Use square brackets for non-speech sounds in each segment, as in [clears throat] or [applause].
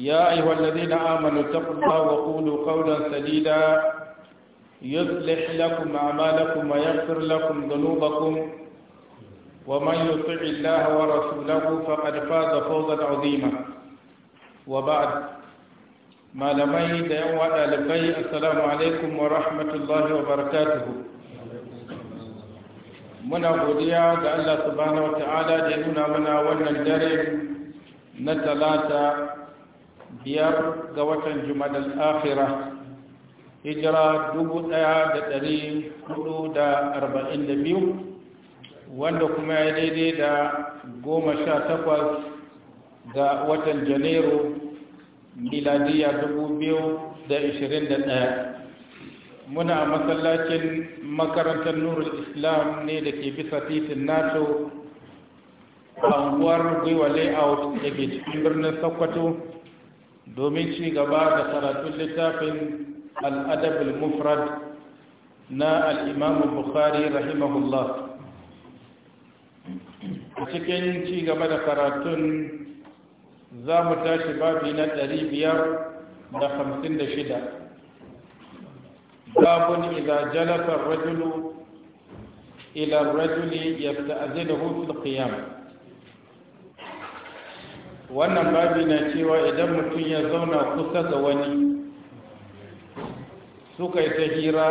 يا أيها الذين آمنوا اتقوا الله وقولوا قولا سديدا يصلح لكم أعمالكم ويغفر لكم ذنوبكم ومن يطع الله ورسوله فقد فاز فوزا عظيما وبعد ما لمي دعوة لبي السلام عليكم ورحمة الله وبركاته من أبوديا ga الله سبحانه وتعالى ta'ala da ya nuna biyar ga watan jumadal akhira hijira dubu ɗaya da ɗari hudu da arba'in da biyu wanda kuma ya daidai da goma sha takwas ga watan janairu miladiya dubu biyu da ishirin da ɗaya muna masallacin makarantar nurul islam ne da ke bisa titin nato a unguwar gwiwa layout da ke cikin birnin sokoto domin ci gaba da karatun littafin al'adab al-mufrad na al'imamu bukhari rahimahullah a cikin ci gaba da karatun za mu tashi babi na ɗari biyar da hamsin da shida babun idan jalafar rajulu ila rajuli ya ta'azina hutun qiyama wannan babi na cewa idan mutum ya zauna kusa ga wani suka yi ta hira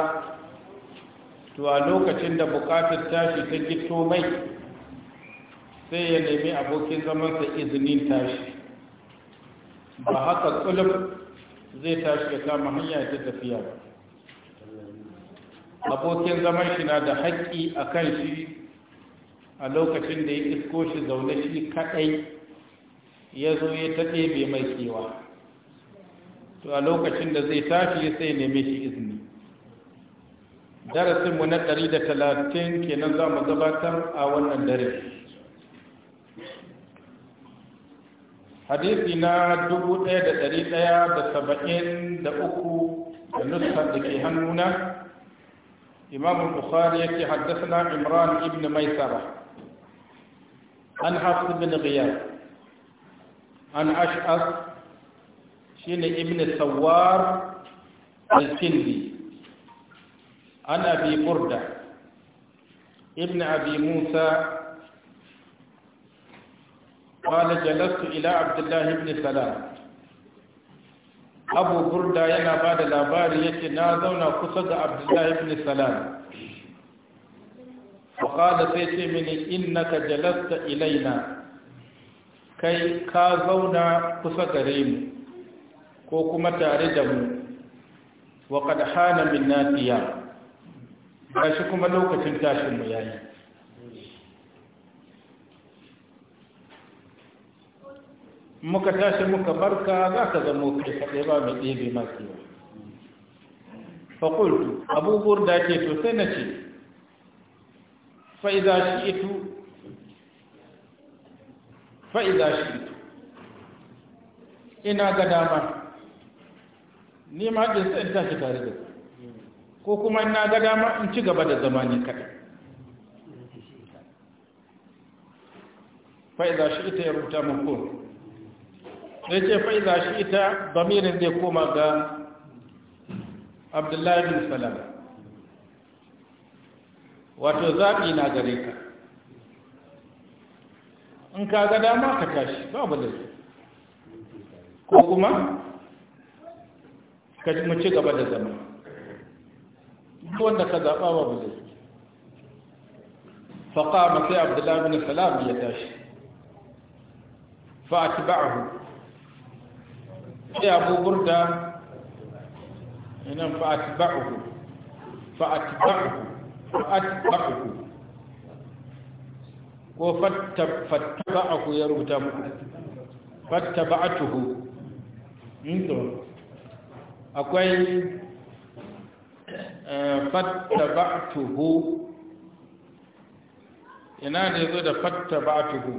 to a lokacin da bukatar tashi ta gito mai sai ya nemi abokin zamansa izinin tashi ba haka tsulub zai tashi ya kama hanya ta tafiya ba abokin zaman shi na da haƙƙi a kan shi a lokacin da ya isko shi zaune shi kaɗai ya zo ya taɗe bai mai kewa to a lokacin da zai tashi sai neme shi izini darasinmu na ɗari da talatin kenan za mu gabatar a wannan dare hadisi na dubu ɗaya da ɗari ɗaya da saba'in da uku da nuskar da ke hannuna إمام البخاري يكي حدثنا عمران بن ميسرة عن حفص an ash'as shine ibn sawar al-kindi an abi burda ibn abi musa قال جلست إلى عبد الله بن سلام أبو بردا ينا بعد الأبار يتنازون قصد عبد الله بن سلام فقال سيتي مني إنك جلست إلينا kai ka zauna kusa gare mu ko kuma tare da mu wa qad hana minna ba shi kuma lokacin tashin mu yayi muka tashi muka barka za ka zama kai kaɗai ba mai ɗebe masu yawa fakultu abubuwar da ake to sai na ce fa'iza shi ito fa'iza shi ina ga dama ni ma ɗin ta tashi tare da ko kuma ina ga dama in ci gaba da zama ne kaɗai fa'iza shi ita ya rubuta mun ko sai ce fa'iza shi ita bamirin zai koma ga abdullahi bin salam wato zaɓi na gare ka in ka ga dama ka tashi ba da ko kuma ka mu ci gaba da zama duk wanda ka zaɓa babu da faƙama sai abdullahi bin salam ya tashi fa'atba'ahu sai abu burda inan fa'atba'ahu ba fa'atba'ahu ko aku ya rubuta muku a tuhu. Hmm, akwai eh, tuhu. ina da ba da tuhu?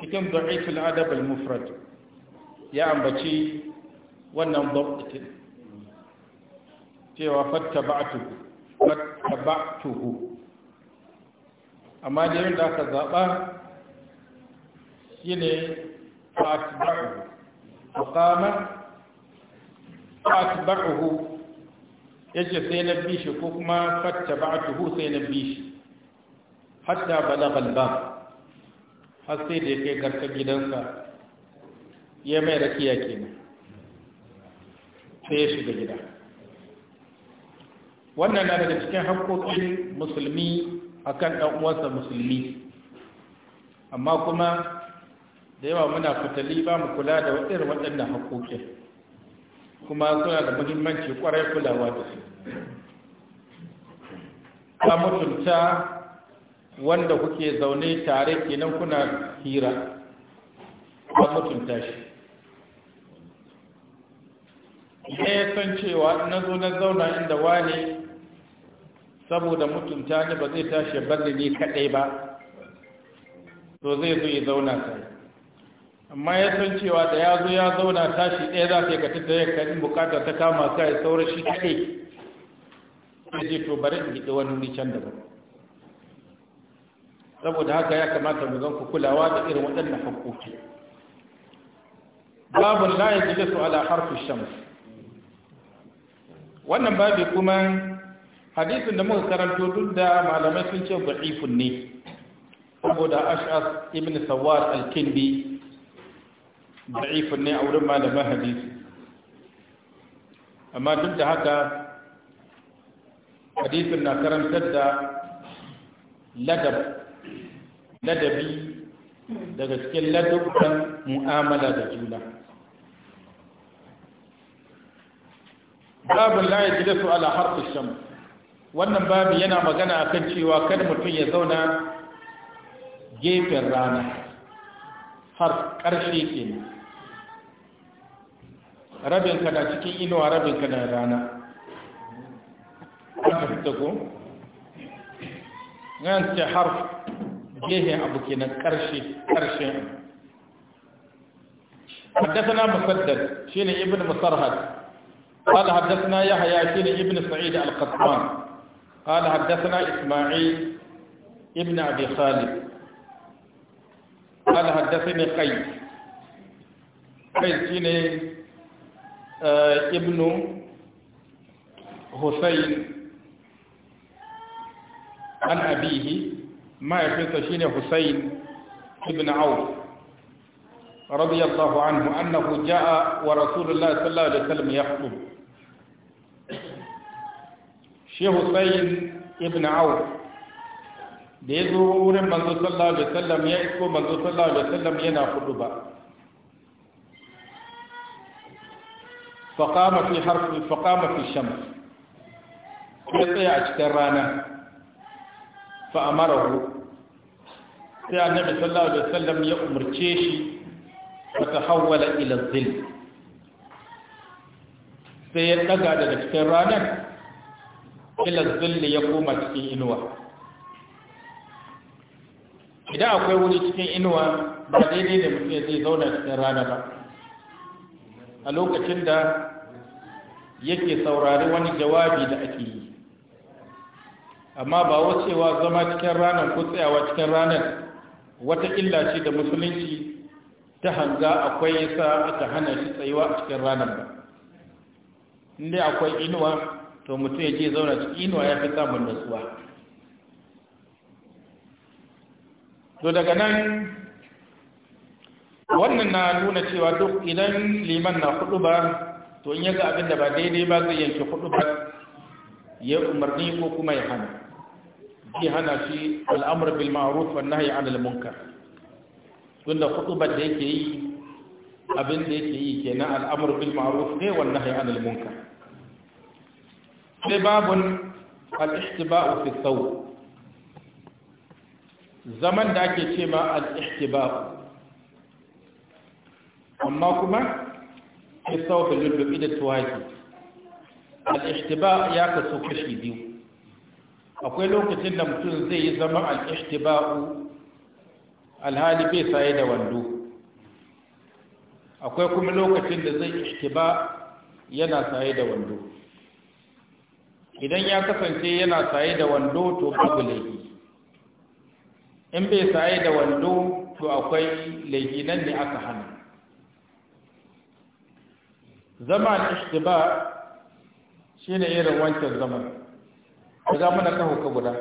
cikin da'iful adab al-mufrad ya ambaci wannan dabtin cewa a tuhu. amma da yin da aka zaɓa shi ne fatibahu kama ya ce sai na bishi ko kuma fattaba'atuhu sai na bishi hatta balagal balba har sai da ya kai karka gidansa ya mai rakiya ne sai ya shiga gida wannan na daga cikin haƙoƙin musulmi akan ɗan uwansa musulmi amma kuma da yawa muna fitali ba mu kula da irin waɗannan haƙoƙin kuma suna da muhimmanci ƙwarai kulawa da su ka mutunta wanda kuke zaune tare kenan kuna hira Ba mutunta shi ya san cewa na zo na zauna inda wane saboda mutunta ni ba zai tashi ya ne ni ba to zai zo ya zauna sai amma ya san cewa da ya zo ya zauna tashi ɗaya za ka yi ka tattara kan bukata ta kama ka ya saura shi kaɗai ya je to bari in giɗi wani nican can daban saboda haka ya kamata mu zan ku kulawa da irin waɗannan haƙoƙi babu la ya jilisu ala harfi shams wannan babu kuma hadisin da muka karanto duk da malamai sun ce da'ifun ne saboda ash'as ibn sawar al-kindi da'ifun ne a wurin malamai hadisi amma duk da haka hadisin na karantar da ladab ladabi daga cikin ladabban mu'amala da juna babin la gida su ala harfi shams wannan babu yana magana akan cewa kada mutum ya zauna gefen rana har ƙarshe ne rabinka na cikin inuwa rabinka na rana ta ko yan ce har gehen abu kenan ƙarshe ƙarshe حدثنا مسدد شيل ابن مسرهد قال حدثنا يحيى شين ابن سعيد القطان قال حدثنا إسماعيل ابن أبي خالد قال حدثني قيس قيس بن آه، ابن حسين عن أبيه ما يحيط شيني حسين ابن عوف رضي الله عنه أنه جاء ورسول الله صلى الله عليه وسلم يخطب shi Hussein ibn Auf da ya zo wurin manzo sallallahu alaihi wasallam ya isko manzo sallallahu alaihi wasallam yana huduba faqama fi harfi faqama fi shams ya tsaya a cikin rana fa amarahu sai annabi sallallahu alaihi wasallam ya umarce shi fa tahawwala ila dhil sai ya daga daga cikin ranar ila zulli ya koma cikin inuwa idan akwai wuri cikin inuwa ba daidai da mutum zai zauna cikin rana ba a lokacin da yake saurari wani jawabi da ake yi amma ba wacewa zama cikin ranar ko tsayawa cikin ranar wata illa ce da musulunci ta hanga akwai sa aka hana shi tsayuwa a cikin ranar ba inda akwai inuwa to mutum ya je zauna cikin inuwa ya fi samun nutsuwa to daga nan wannan na nuna cewa duk idan liman na hudu ba to in yaga abin ba daidai ba zai yanke hudu ba ya umarni ko kuma ya hana zai hana shi al'amur bil ma'ruf wa nahyi 'anil munkar tunda ba da yake yi abin da yake yi kenan al'amur bil ma'ruf ne wa nahyi 'anil munkar sai babun al-ihtiba'u fi saw zaman da ake ce ma al-ihtiba'u amma kuma fi saw fi lullubi da tuwaki al-ihtiba' ya kaso kashi biyu akwai lokacin da mutum zai yi zaman al-ihtiba'u alhali bai saye da wando akwai kuma lokacin da zai ihtiba yana saye da wando idan ya kasance yana saye da wando to babu laifi in bai saye da wando to akwai laifi nan ne aka hana zama na ishtiba shi ne irin wancan zama, ka za mana kawo ka guda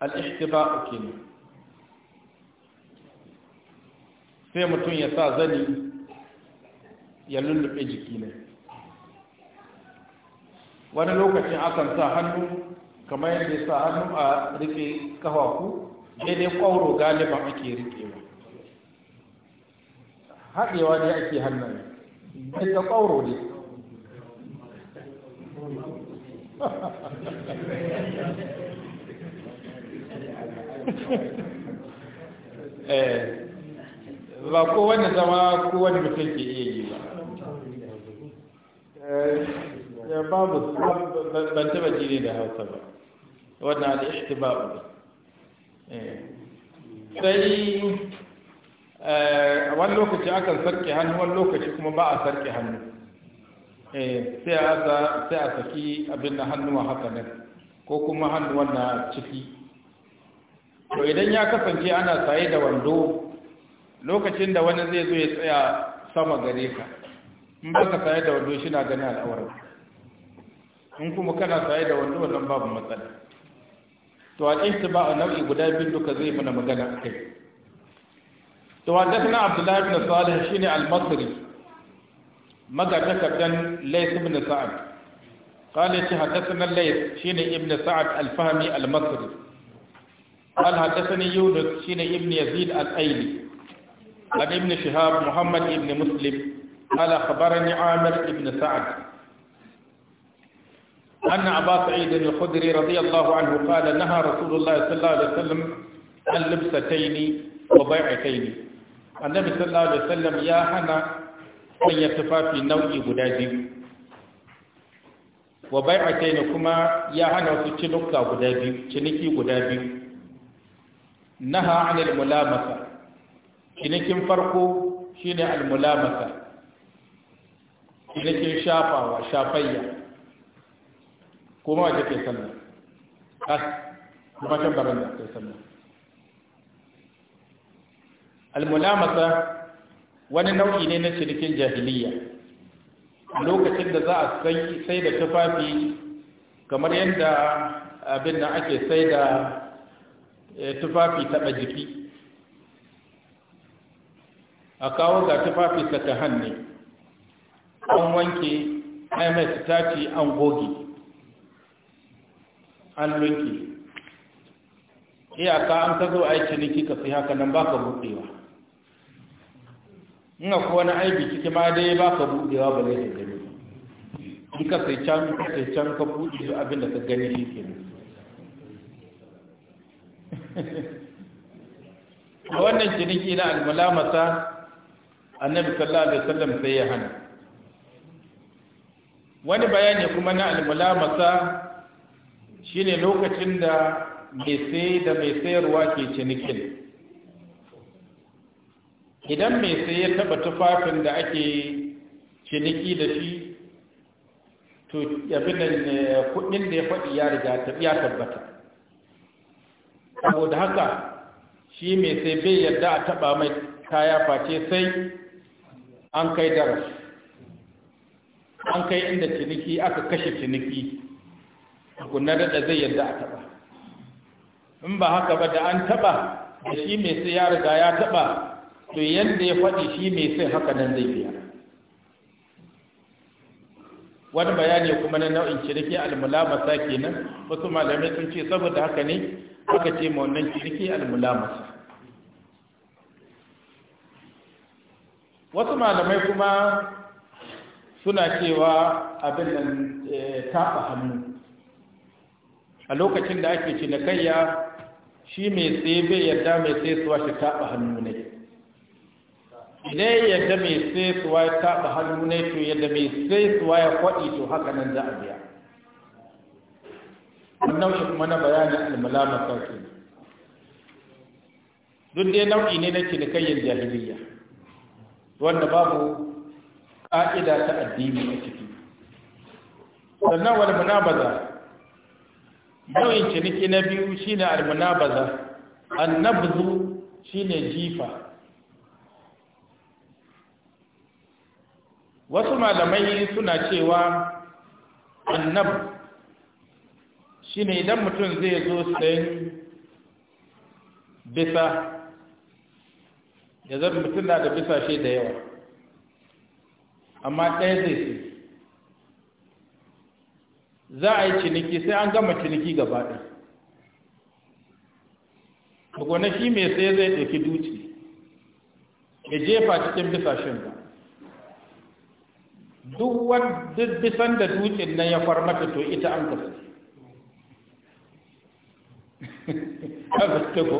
al'ishtiba uke ne sai mutum ya sa zani ya lullube jiki ne wani lokacin akan sa hannu kamar yadda sa hannu a rike kafafu daidai kwauro galiban ake rikewa haɗewa ne ake hannun da kwauro ne [laughs] eh, ba kowane zama kowane mutum ke iya yi ba eh, Ya babu ban taba ji da hausa ba wannan da ba ne eh. sai eh, a wani lokaci akan sarki hannu wani lokaci kuma ba a sarki hannu eh, sai a saki abin da hannuwa haka nan ko kuma hannu wannan ciki to idan ya kasance ana saye da wando lokacin da wani zai zo ya tsaya sama gare ka in ba ka saye da wando shi na gani al'awarka in kuma kana saye da wando wannan babu matsala to al a nau'i guda biyu duka zai mana magana kai to hadathana Abdullahi ibn salih shine al-basri magatakardan lays ibn sa'ad qala shi hadathana lays shine ibn sa'ad al-fahmi al-masri قال حدثني يونس شين ابن يزيد الأيلي عن ابن شهاب محمد ابن مسلم قال أخبرني عامر ابن سعد أن أبا سعيد الخدري رضي الله عنه قال نهى رسول الله صلى الله عليه وسلم عن لبستين وبيعتين النبي صلى الله عليه وسلم يا هنا من يتفى في نوع بدادي وبيعتين كما يا هنا في تلك بدادي تلك بدادي نهى عن الملامسة تلك فرقه شين الملامسة تلك شافا وشافية ko ma wace ke sallah as ah, kuma can baranda ke sallah Al-mul'amasa wani nau'i ne na shirkin jahiliya lokacin da za a sai da tufafi kamar yadda abin da ake sai da eh, tufafi taɓa jiki a kawo ga tufafi saka hannu an wanke ms ta ce an goge hannunki iyaka an ta zo a yi ciniki ka sai haka nan baka buɗewa In kuwa na aibi ciki ma dai ba ka buɗewa ba zai da gani in ka sai can ka sai can ka buɗe abin da ka gani shi ke a wannan ciniki na almalamata annabi sallallahu alaihi wasallam sai ya hana wani bayani kuma na almalamata shine lokacin da mai sai da mai sayarwa ke cinikin idan mai sai ya taba tufafin da ake ciniki da shi to fi da eh, kudin da ya faɗi ya riga ya tabbata saboda haka shi mai sai bai yadda a taba mai kaya face sai an kai an kai inda ciniki aka kashe ciniki tukunna daɗa zai yadda a taɓa in ba haka ba da an taɓa da shi mai sai ya riga ya taɓa to yadda ya faɗi shi mai sai haka nan zai biya wani bayani kuma na nau'in ciniki almulamasa kenan wasu malamai sun ce saboda haka ne aka ce ma wannan ciniki almulamasa wasu malamai kuma suna cewa abin nan eh, taɓa hannu a lokacin da ake cinikayya shi mai tsaye bai yarda mai tsaye suwa shi taɓa hannu ne idan yadda mai tsaye suwa ya taɓa hannu ne to yadda mai tsaye suwa ya kwaɗi to haka nan za a biya wannan shi kuma na bayanin almulama sarki duk dai nau'i ne na cinikayyar jahiliya wanda babu ƙa'ida ta addini a ciki sannan wani munabaza nau'in ciniki na biyu shine almunabaza annabzu shine jifa wasu malamai suna cewa annab shine idan mutum zai zo sayan bisa ya zama mutum na da shi da yawa amma ɗaya zai su za a yi ciniki sai an gama ciniki gaba ɗaya na shi mai sai zai ɗauki duci ya jefa cikin bisashen ba duk wadda bisan da dutsen nan ya mata to ita an kasu [laughs] a gaske ko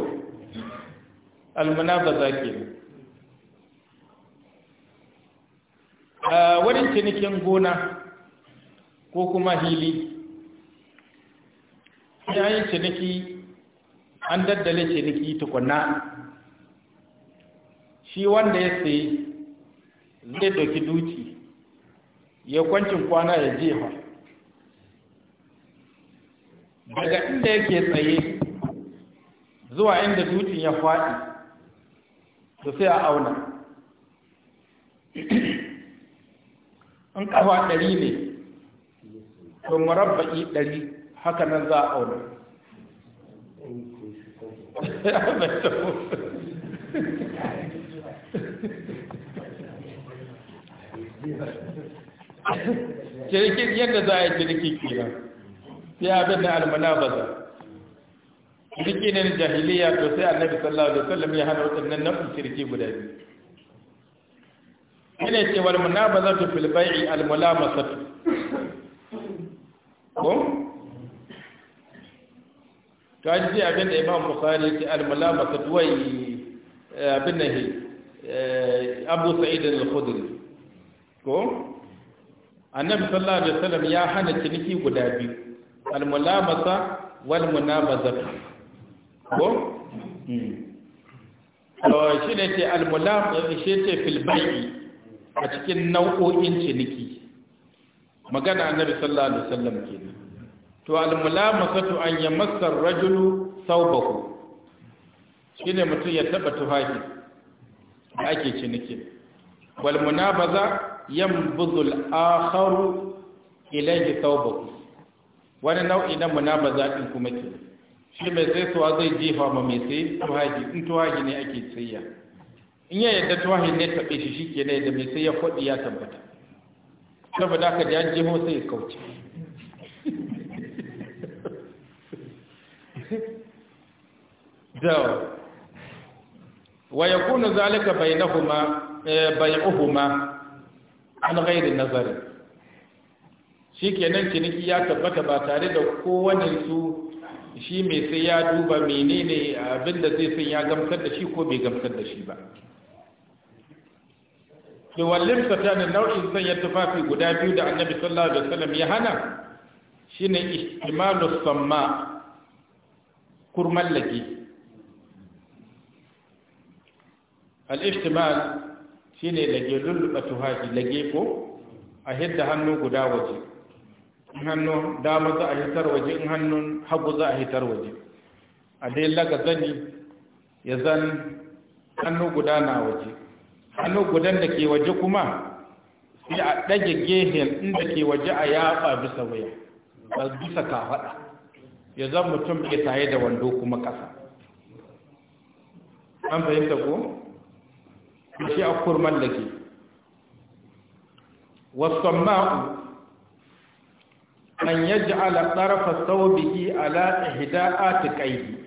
almana ba za ke wani ah, cinikin gona ko kuma hili Ya yi ciniki an daddale ciniki tukuna shi wanda ya sayi zai doki duci ya kwancin kwana ya jefa daga inda yake tsaye zuwa inda dutin ya faɗi to sai a auna in ƙafa ɗari ne to murabba'i ɗari haka nan za a auna kirkin yadda za a yi kirki kira sai abin da almana ba za kirki ne jahiliya to sai annabi sallallahu alaihi wasallam ya hana waɗannan nau'in kirki guda biyu yana ce ba za ta filbai al mulamasatu ko to an ji abin da imam bukhari ke almalama ta duwai eh, abin nan eh, abu sa'id al-khudri ko annabi sallallahu alaihi wasallam ya hana ciniki guda biyu almulamasa wal munabazatu ko hmm. to shi ne ce almulam shi ce fil bai'i a cikin nau'o'in ciniki magana annabi sallallahu alaihi wasallam kenan to almulamasatu an yamassa rajulu thawbahu shine mutum ya taba tufafi da ake ciniki wal munabaza yanbudhu al-akharu ilayhi thawbahu wani nau'i na munabaza din kuma ke shi mai saisuwa zai jefa ma mai sai tuhaji in tuhaji ne ake tsayya. in ya yadda tuhaji ne ta shi shi ke da mai sai ya faɗi ya tabbata saboda ya jeho sai ya kauce wa yakunu zalika bainahuma eh, uhuma an ghairi nazari kenan ciniki ya tabbata ba tare da kowane su shi mai sai ya duba menene abinda zai san ya gamsar da shi ko bai gamsar da shi ba to wallin ne nau'in sanya tufafi guda biyu da annabi sallallahu alaihi wasallam ya hana shine istimalu samma kurman lage al-ihtimal shine lage lulluɓa tuhaji lage ko a hidda hannu guda waje in hannu dama za a hitar waje in hannun hagu za a hitar waje a dai laga zani ya zan hannu guda na waje hannu gudan da ke waje kuma sai a ɗage gehen inda ke waje a yaba bisa waya a bisa kafaɗa ya zan mutum bai taye da wando kuma ƙasa an fahimta ko? shi a kurman da ke wasan ma'u an ji ala tsarafa biki ala a ta ƙaihi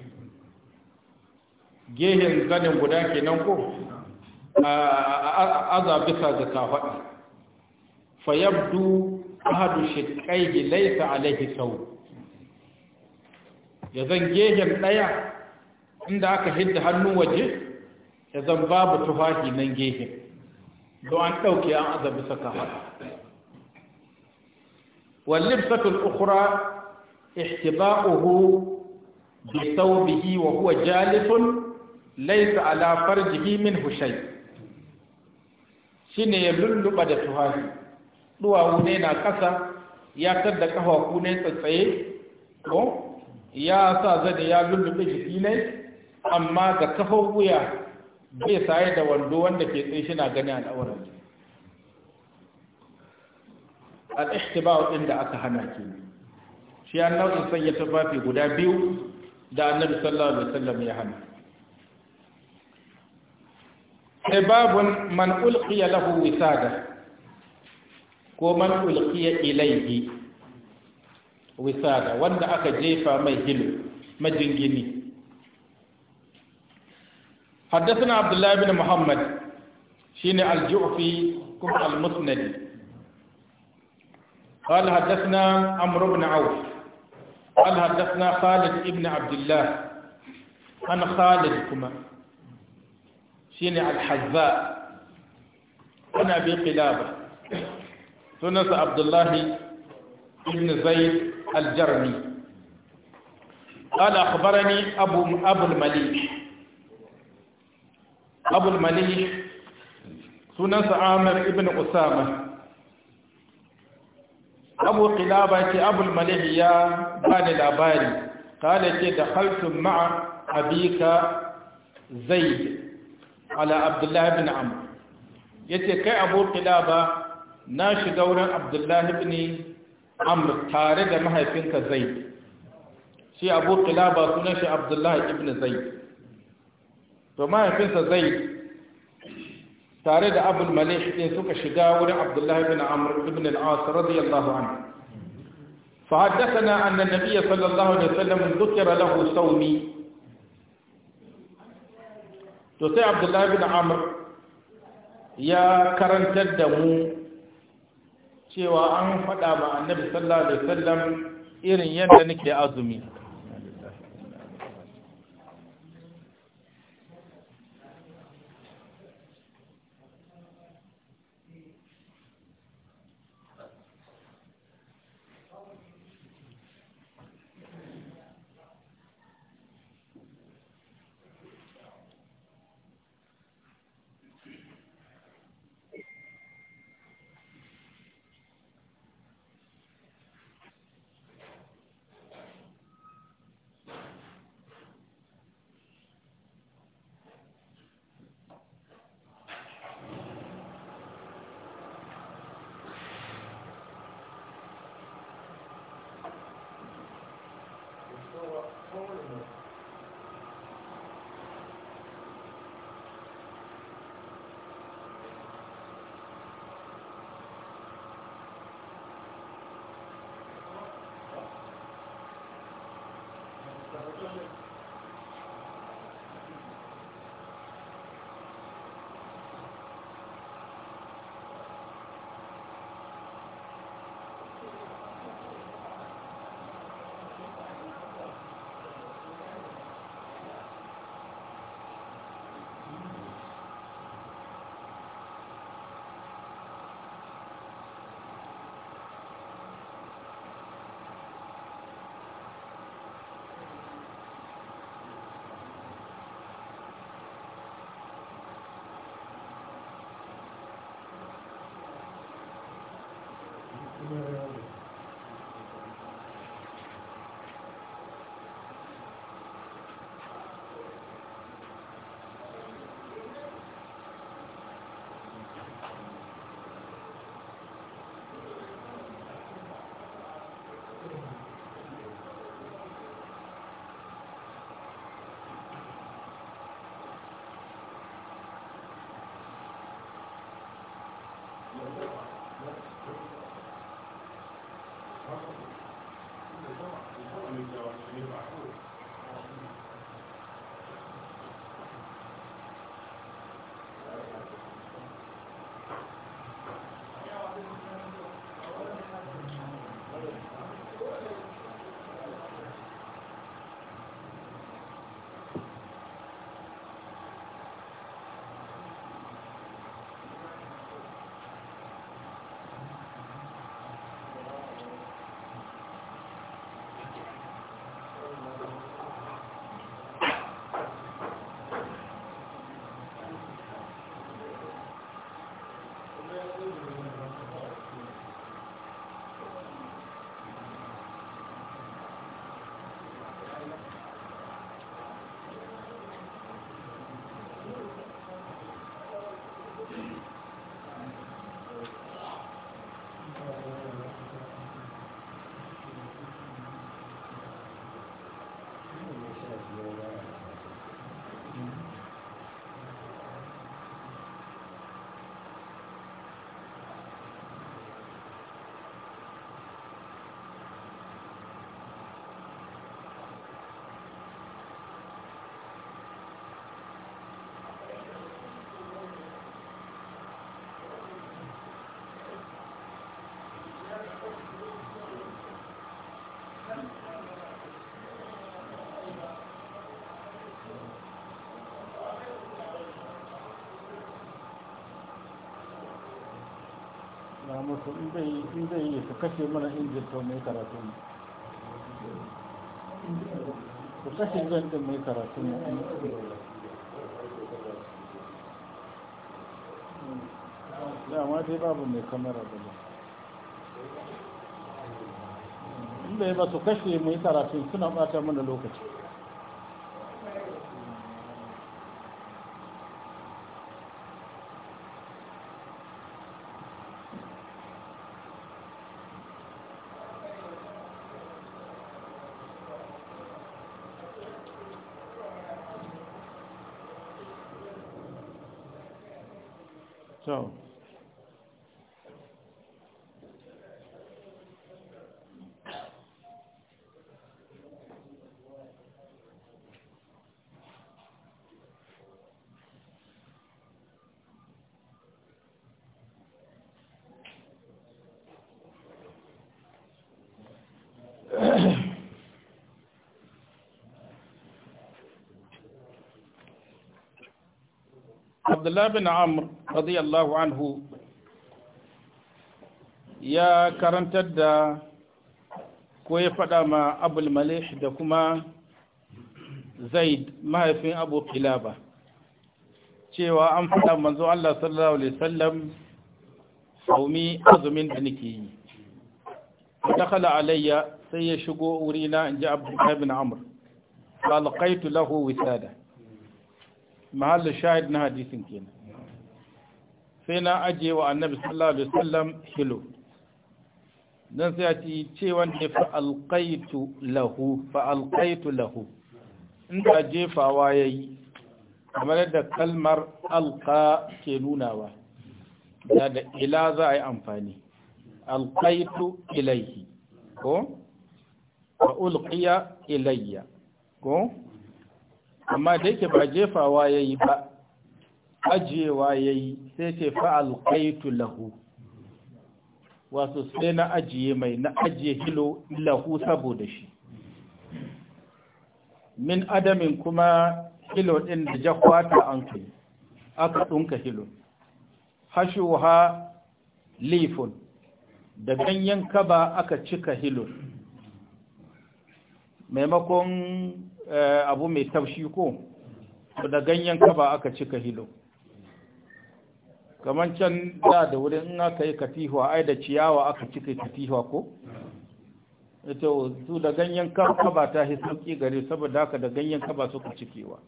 gehen zanen guda kenan ko? aza bisa ga kafaɗi fa yabdu ahadu shiqqaihi laysa alayhi saw ya zan gehen ɗaya inda aka hidda hannun waje ya zan babu tufafi nan gehen don an ɗauke an aza bisa kafaɗi واللبسة الأخرى احتباؤه بثوبه وهو جالس ليس على فرجه منه شيء shine ya lulluɓa da tuhafi duwawu ne na ƙasa ya da ƙafafu ne tsatsaye ko ya sa zane ya lullube jiki ne amma ga kafa wuya bai saye da wando wanda ke tsaye shi na gani a ɗashi ba ɗin da aka hana ke shi ya nau'in sanya tufafi guda biyu da annabi sallallahu alaihi wasallam ya hana sai babun man ulqiya lahu wisada ko man ulqiya ilayhi wisada wanda aka jefa mai hilo majingini حدثنا عبد الله بن محمد شين الجعفي كم المسند قال حدثنا عمرو بن عوف قال حدثنا خالد بن عبد الله عن خالد كما shine al-hazza ana bi qilaba sunansa abdullahi ibn zaid al-jarmi قال أخبرني أبو أبو المليك أبو المليك سنس عامر ابن أسامة أبو قلابة أبو المليك يا بني الأباري قال دخلت مع أبيك زيد ala abdullahi bin amr yace kai abu qilaba na shiga wurin abdullahi bin amr tare da mahaifinka zaid shi abu qilaba sunan shi abdullahi ibn zaid to mahaifinsa zaid tare da abul malik din suka shiga wurin abdullahi bin amr ibn al-as radiyallahu anhu فحدثنا أن النبي صلى الله عليه وسلم ذكر له صومي to sai abdullahi bin amr ya karantar da mu cewa an faɗa ma annabi sallallahu alaihi wasallam irin yadda nake azumi ya musu in zai yi su kashe mana injin to mai karatu ne su kashe zan din mai karatu ne dama dai babu mai kamara da ba in bai ba su kashe mai karatu suna bata mana lokaci abdullahi bin amr radiyallahu anhu ya karantar da ko ya faɗa ma abul malih da kuma zaid mahaifin abu kilaba cewa an faɗa manzo Allah sallallahu alaihi wasallam saumi azumin da nake yi dakhala alayya sai ya shigo wurina inji abdullahi bin amr fa lahu wisada mahallin shahid na hadisin kenan sai na ajiye wa annabi sallallahu alaihi wasallam hilo dan sai ya ci ce wanda fa alqaitu lahu fa alqaitu lahu inda jefawa yayi kamar yadda kalmar alqa ke nunawa da da ila za a yi amfani alqaitu ilayhi ko wa ulqiya ilayya ko amma da yake ba jefawa ya yi ba ajiyewa ya yi sai ce fa'al kaitu lahu wasu sai na ajiye mai na ajiye hilo lahu saboda shi min adamin kuma hilo ɗin da jakwata an kai aka ɗunka hilo ha lifun da ganyen kaba aka cika hilo maimakon Eh, abu mai taushi ko da ganyen kaba aka cika hilo kamar can da da wurin in aka yi katihuwa ai da ciyawa aka cika katihuwa ko ita su da ganyen kaba ta yi sauki gare saboda haka da ganyen kaba suka cikewa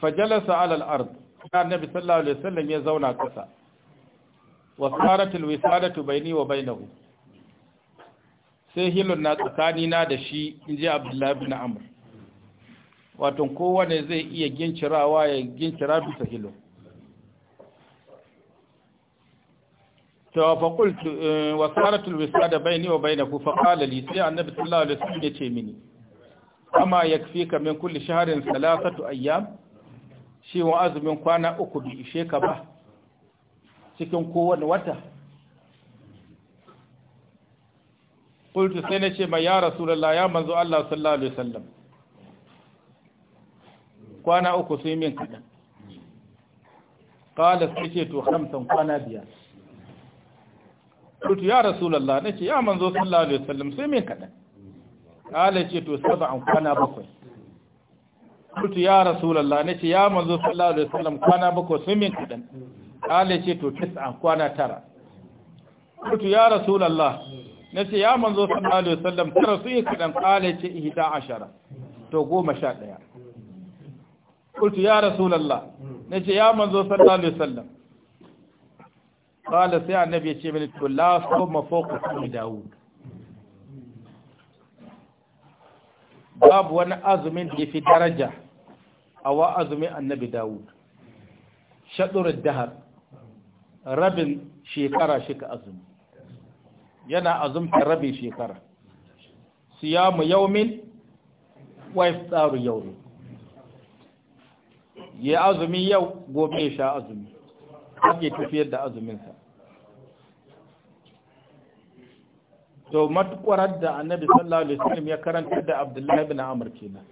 fajalasa alal ard annabi sallallahu alaihi wasallam ya zauna kasa Wa wasarat wisalatu baini wa bainahu sai hilun na tsakanina da shi in ji abdullahi bin amur wato kowane zai iya gincirawa ya gincira bisa hilun ta faƙultu eh, wasaratul wisa da bai niwa bai na ku faƙala sai annabi sallallahu alaihi wasallam ya ce mini amma ya fi kamin kulle shaharin salasatu ayyam shi wa azumin kwana uku bi ishe ka ba cikin kowane wata kultu sai na ce mai ya rasulullah ya manzo Allah sallallahu alaihi wasallam kwana uku sai min kadan qala su ce to hamsan kwana biyar kultu ya na ce ya manzo sallallahu alaihi wasallam sai min kadan qala ce to sab'an kwana bakwai kultu ya na ce ya manzo sallallahu alaihi wasallam kwana bakwai sai min kadan qala ce to tis'an kwana tara qultu ya rasulallah na ce ya manzo sallallahu alaihi wasallam tara su yi kadan kale ce ihda ashara to goma sha daya qultu ya rasulullah na ce ya manzo sallallahu alaihi wasallam Kale sai annabi ya ce mini to la sawma fawqa sawmi daud babu wani azumin da fi daraja a wa azumin annabi daud shadur dahar rabin shekara shi ka azumi yana azumtar rabin shekara siyamu yaumin wa iftaru yaumin ya azumi yau gobe sha azumi ake tafiyar da azuminsa to matukwarar da annabi sallallahu alaihi wasallam ya karanta da abdullahi ibn amr kenan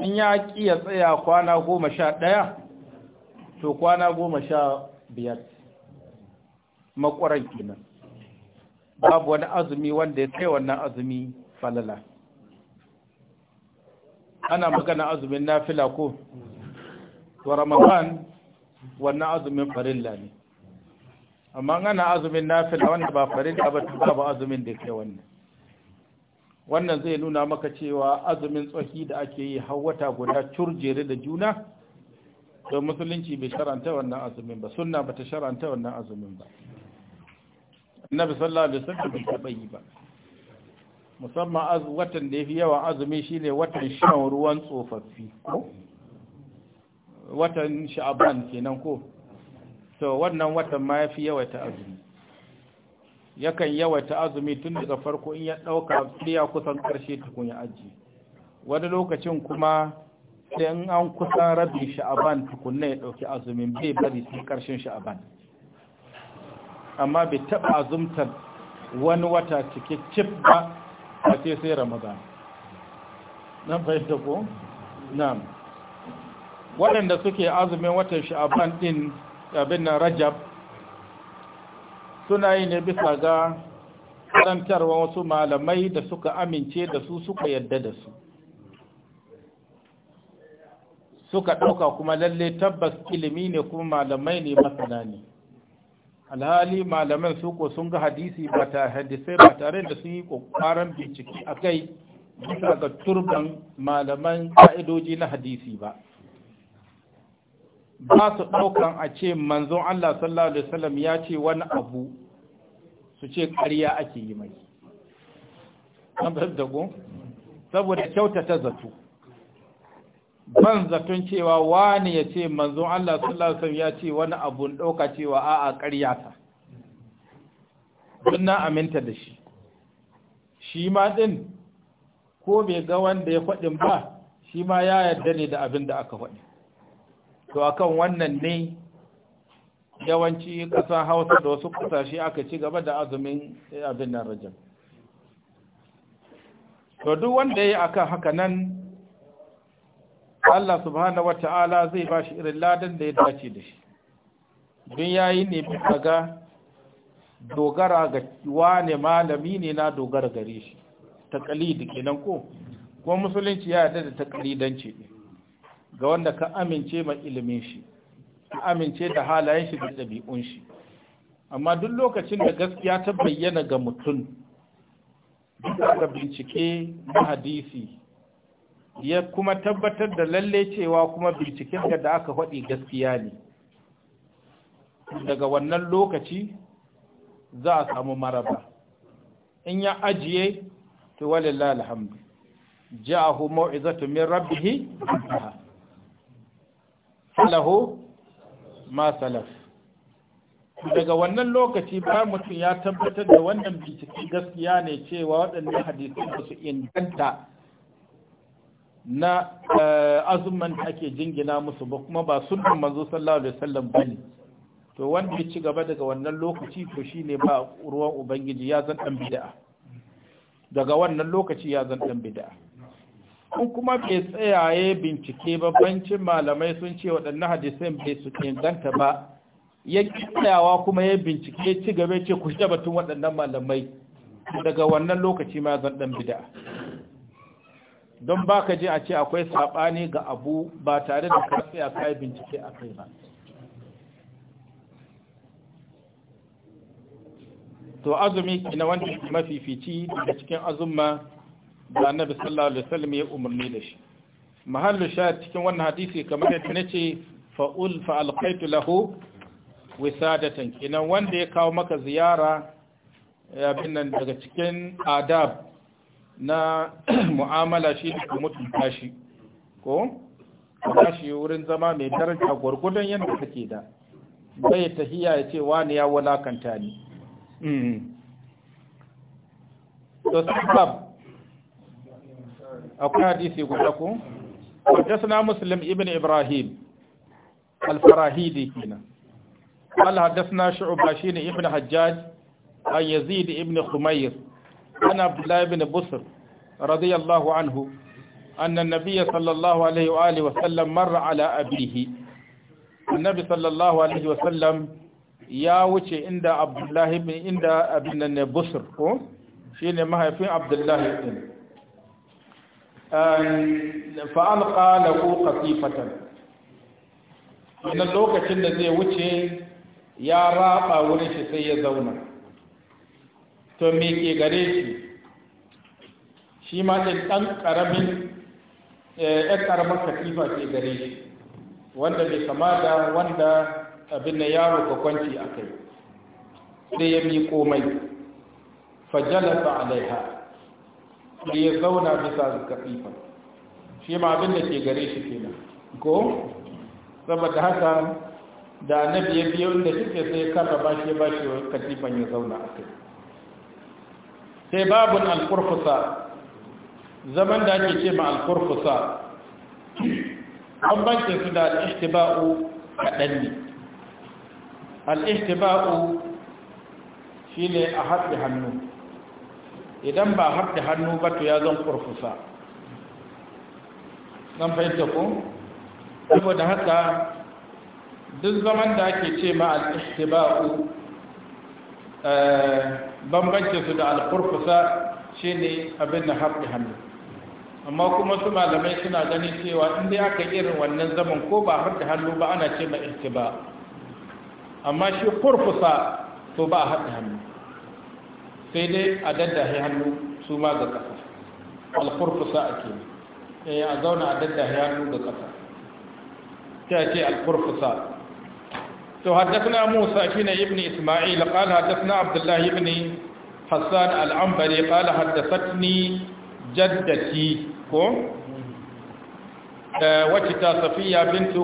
in ya ki ya tsaya kwana goma sha ɗaya to kwana goma sha biyar makwaran kenan babu wani azumi wanda ya kai wannan azumi falala ana magana azumin nafila ko to ramadan wannan azumin farilla ne amma ana azumin nafila wanda ba farilla ba to babu azumin da kai wannan wannan zai nuna maka cewa azumin tsohi da ake yi har wata guda curjere da juna don musulunci bai sharanta wannan azumin ba sunna bata sharanta wannan azumin ba annabi sallallahu alaihi wasallam bai taba yi ba musamman az watan da yafi yawa azumi shine watan shan ruwan tsofaffi ko watan sha'aban kenan ko to wannan watan ma yafi yawa ta azumi yakan yawaita azumi tun daga farko in ya ɗauka ya kusan ƙarshe tukun ya aji wani lokacin kuma sai in an kusa rabin sha'aban tukunna ya ɗauki azumin bai bari sai ƙarshen sha'aban amma bai taɓa azumtar wani wata cike cif ba a ce sai ramadan na fahimta ko? na waɗanda suke azumin watan sha'aban ɗin abin na rajab suna yi ne bisa ga karantarwa wasu malamai da suka amince da su suka yadda da su suka ɗauka kuma lalle tabbas ilimi ne kuma malamai ne masana ne alhali malaman su ko sun ga hadisi ba ta hadisai ba tare da sun yi kokarin bincike a kai bisa ga turban malaman ka'idoji na hadisi ba ba su ɗaukan a ce manzon Allah sallallahu alaihi wasallam ya ce wani abu su ce ƙarya ake yi mai saboda kyauta ta zato ban zaton cewa wani ya ce manzon Allah sallallahu alaihi ya ce wani abun ɗauka cewa a'a ƙarya ta na aminta da shi shi ma ɗin ko bai ga wanda ya faɗin ba shi ma ya yarda ne da abin da aka faɗi to akan wannan ne yawanci ƙasar hausa da wasu ƙasashe aka ci gaba da azumin abin nan rajab to duk wanda ya yi akan haka nan Allah subhanahu wa ta'ala zai ba shi irin ladan da ya dace da shi don yayi ne bisa ga dogara ga wane malami ne na dogara gare shi taqlidi kenan ko kuma musulunci ya yarda da taqlidanci ne ga wanda ka amince ma ilimin shi ka amince da halayen shi da dabi'un shi amma duk lokacin da gaskiya ta bayyana ga mutum duk da bincike na hadisi ya kuma tabbatar da lalle cewa kuma binciken da aka faɗi gaskiya ne daga wannan lokaci za a samu maraba in ya ajiye to walillah alhamdu ja'ahu mau'izatu min rabbih falahu ma salaf daga wannan lokaci ba mutum ya tabbatar da wannan bincike gaskiya ne cewa waɗannan hadisi su inganta na eh, azumin da ake jingina musu ba kuma ba sunan manzo sallallahu alaihi wasallam bane to wanda ya ci gaba daga wannan lokaci to shine ba ruwan ubangiji ya zan dan bid'a daga wannan lokaci ya zan dan bid'a kun kuma bai tsayaye bincike ba bancin malamai sun ce waɗannan hadisan bai su inganta ba ya tsayawa kuma ya bincike ci gaba ce ku batun waɗannan malamai daga wannan lokaci ma zan dan bid'a don ba ka je a ce akwai saɓani ga abu ba tare da kafi a kai bincike a kai ba to azumi na wanda mafifici daga cikin azumma da annabi sallallahu alaihi wasallam ya umarni da shi mahallu sha cikin wannan hadisi kamar yadda nace fa'ul fa alqaitu lahu wisadatan kinan wanda ya kawo maka ziyara abin nan daga cikin adab na [clears throat] mu'amala shi ne mutunta tashi ko tashi wurin zama mai daraja gwargwadon yadda take da bai tahiya ya ce wani ya walakanta ni mm-hmm. to sabab akwai hadisi guda ku حدثنا muslim ibn ibrahim الفراهيدي هنا قال حدثنا شعب شين ابن حجاج عن يزيد ابن خمير عن عبد الله بن بصر رضي الله عنه أن النبي صلى الله عليه وآله وسلم مر على أبيه النبي صلى الله عليه وسلم يا وجه عند عبد الله بن عند ابن بصر شين ما هي في عبد الله بن آه، فألقى له قطيفة من اللوكة الذي وجه يا raba wurin shi sai ya zauna shi ma ɗin ɗan ƙaramin eh, ɗan ƙaramin katifa ke gare shi wanda bai kama da wanda abin na yaro ka kwanci a kai sai ya miƙo mai fajalasa alaiha sai ya zauna bisa katifa shi ma abin da ke gare shi kenan ko saboda haka da na biye biyu da suke sai ba shi ba shi katifan ya zauna a kai sai babun alkurfusa zaman da ake ce ma alfurfusa bambancin su da al'ihtiba'u kaɗan ne al'ihtiba'u shi ne a haɗe hannu idan ba haɗe hannu ba to ya zan furfusa zan fahimta ku saboda haka duk zaman da ake ce ma al'ihtiba'u eh, bambancin su da alfurfusa shi ne abin da haɗe hannu amma kuma su malamai suna ganin cewa in dai aka irin wannan zaman ko ba har da hannu ba ana ce mai ba amma shi kurkusa to ba har da hannu sai dai a daddahe hannu su ma ga ƙasa alkurkusa ake ne eh, a zauna a daddahe hannu ga ƙasa ta ce alkurkusa to na musa shi ne ibn ismail ƙala na abdullahi ibn hassan al'ambari ƙala haddasatni jaddati ko eh, wacce ta safiya bintu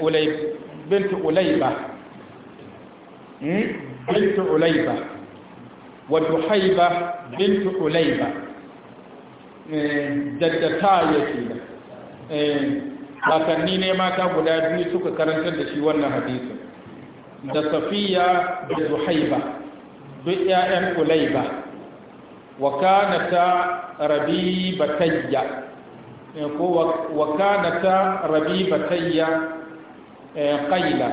ulaiba bintu ulaiba hmm? wa duhaiba bintu ulaiba eh, jaddata yake eh, kakanni ne mata guda biyu suka karantar da shi wannan hadisi da safiya da zuhaiba duk 'ya'yan ulaiba wa kanata rabibatayya eh, ko wa rabibatayya eh, qaila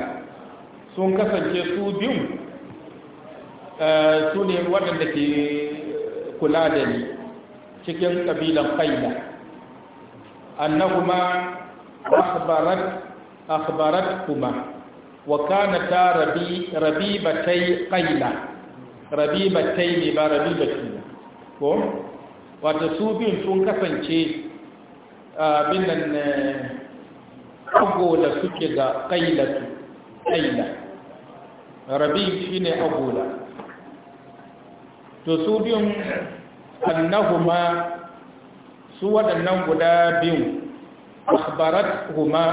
sun kasance su biyu, eh, su ne waɗanda ke kula da ni cikin ƙabilan qaila annahuma akhbarat akhbarat kuma wa kanata rabi rabibatay qaila rabibatay ba rabibatay ko wata su biyun sun kasance abin nan eh, da suke ga kailatu kaila rabi shi ne agola to su biyun annahuma su waɗannan guda biyun huma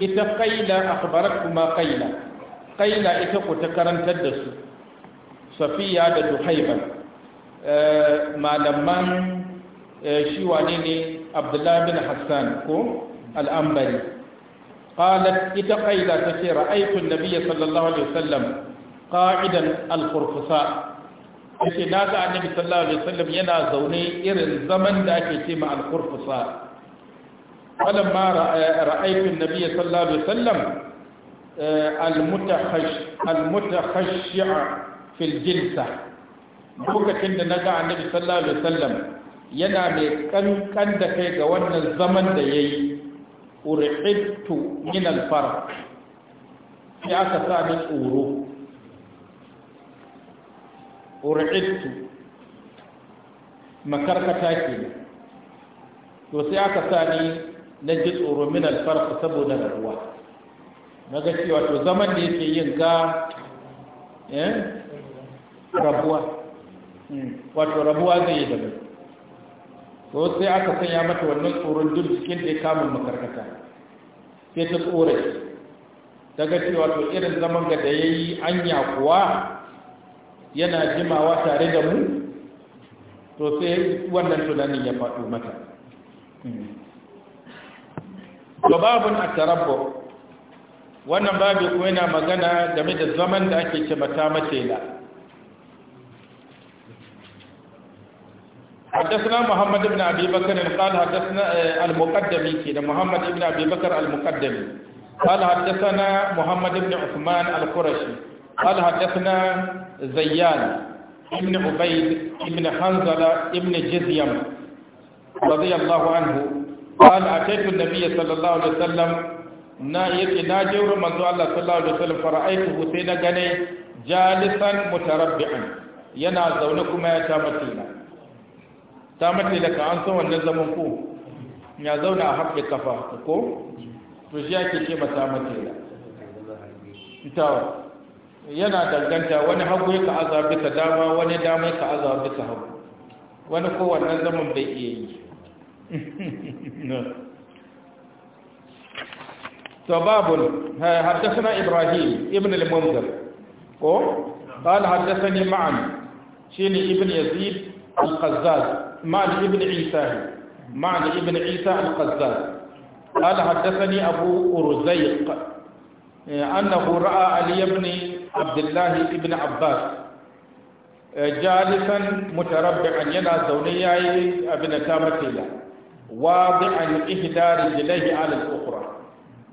ita kaila kuma kaila kaila ita ku ta karantar da su safiya da duhaiban Eh, malaman eh, shi wane ne abdullahi bin hassan ko al'ambari قالت إتقيلا تشي رأيت النبي صلى الله عليه وسلم قاعدا الخرفصاء تشي ناقع النبي صلى الله عليه وسلم ينا زوني إرن زمن ذاك يتيم الخرفصاء فلما رأيت النبي صلى الله عليه وسلم المتخش المتخشع في الجلسة lokacin da na ga annabi sallallahu alaihi wasallam yana mai kankan da kai ga wannan zaman da yayi urhibtu min al-farah sai aka sa ni tsoro ur'idtu makarkata ke to sai aka sa ni na ji tsoro min alfarq saboda rabuwa na ga cewa to zaman da yake yin ga eh rabuwa wato rabuwa zai yi daga to sai aka sanya mata wannan tsoron duk cikin da ya kamun makarkata sai ta tsore ta ga cewa to irin zaman ga da ya yi anya kuwa yana jimawa tare da mu to sai wannan tunanin ya faɗo mata to babun a tarabbo wannan babu kuwa yana magana game da zaman da ake ce mata matela حدثنا محمد بن أبي بكر قال حدثنا المقدمي كده محمد بن أبي بكر المقدمي قال حدثنا محمد بن عثمان القرشي قال حدثنا زيان ابن عبيد ابن حنظلة ابن جزيم رضي الله عنه قال أتيت النبي صلى الله عليه وسلم na yake na je wurin manzo Allah sallallahu alaihi wasallam fara'aitu sai na gane jalisan mutarabbi'an yana zaune kuma ya ta matina samar ne daga an san wannan zaman ko ya zauna a haɓe kafa ko to shi ake ce ma samar ne ita yana danganta wani hagu ya ka aza bisa dama wani dama ya ka aza bisa hagu wani kowannan zaman bai iya yi فباب حدثنا إبراهيم ابن المنذر قال حدثني معا شيني ابن يزيد القزاز معنى ابن عيسى معنى ابن عيسى القزاز قال حدثني أبو أرزيق آه، أنه رأى علي بن عبد الله بن عباس آه، جالسا متربعا ينا زونيا ابن تامتيلا واضعا إهدى رجليه على الأخرى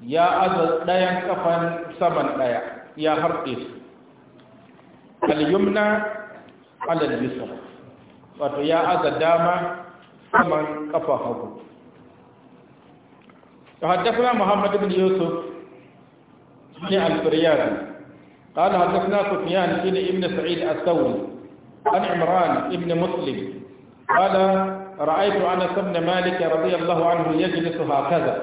يا أزل ديان كفن سما ديان يا هرقيس اليمنى على اليسرى wato ya aza dama saman kafa hagu حدثنا محمد بن يوسف بن الفريابي قال حدثنا سفيان بن ابن سعيد الثوري عن عمران بن مسلم قال رأيت أنس بن مالك رضي الله عنه يجلس هكذا